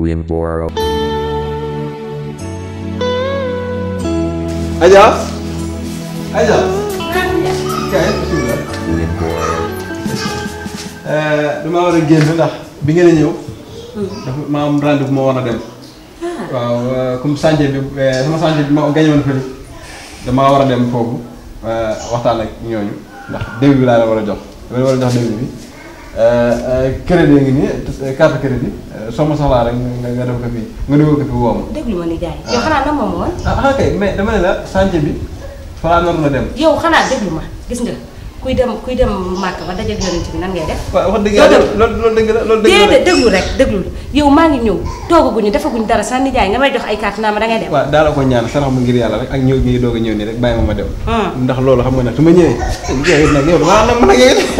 Williamboro. Aja. Aja. kaay bisimilah. Williamboro. Eh, war a génn ndax bi ngeen a ñëw. Hmm. dafa ma am rendez ma war a dem. Ah. waaw eh, comme chantier bi eh, sama chantier bi ma gañe woon damaa war a dem foofu waxtaan ak ñooñu ndax début bi laa la war a jox dama la war a jox début bi. crédit eh, eh, ngi nii eh, carte crédit soo ma soxlaa rek nga def ko fii nga dugal ko fi woo ma. déglu ma ni gars yi yow xanaa na ma woon. ah ok mais dama ne la chantier bi falaa noonu la dem. yow xanaa déglu ma gis nga kuy dem kuy ya. dem màkk ba dajeeg yonent bi nan ngay def. waaw wax dëgg yàlla loolu loolu dëgg la loolu dëgg la déedéet déglu rek déglu yow maa ngi ñëw toogaguñu defaguñu dara sa nijaay nga may jox ay carte naa ma da ngay dem. waaw daala ko ñaan sarax ma ngir yàlla rek ak ñëw gi doog a ñëw nii rek bàyyi ma ma dem. ndax loolu xam nga nag su ma ñëwee. yow nag yow damaa nag mën a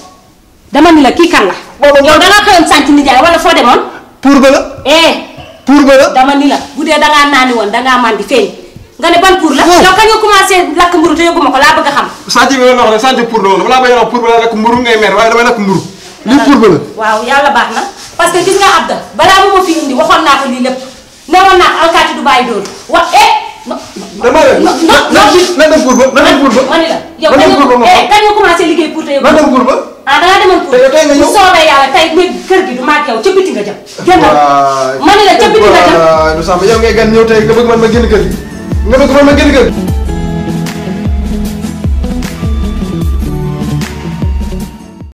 dama ni la ki kan la yow da nga xëyoon sant wala fo demon pour ba la eh pour ba la dama ni la bu da nga nani won da ngaa mandi feñ nga ne ban pour la yow kan nga commencé lak mburu te yoguma ko la bëgg xam santi bi la wax santi pour la woon dama laa bañ wax pour ba la lakk mburu ngay mer way dama lakk mburu li pour ba la waaw yalla bax na parce que gis nga abda bala mu fi indi waxon na ko du wa eh dama la non non non non non non non ah da nga demoon pour bu soobee yàlla tey kër gi du maag yow ca biti nga jëm. ma ne la ca biti nga jëm. waaw yow ngay gan ñëw tey nga bëgg man ma génn kër gi nga bëgg man ma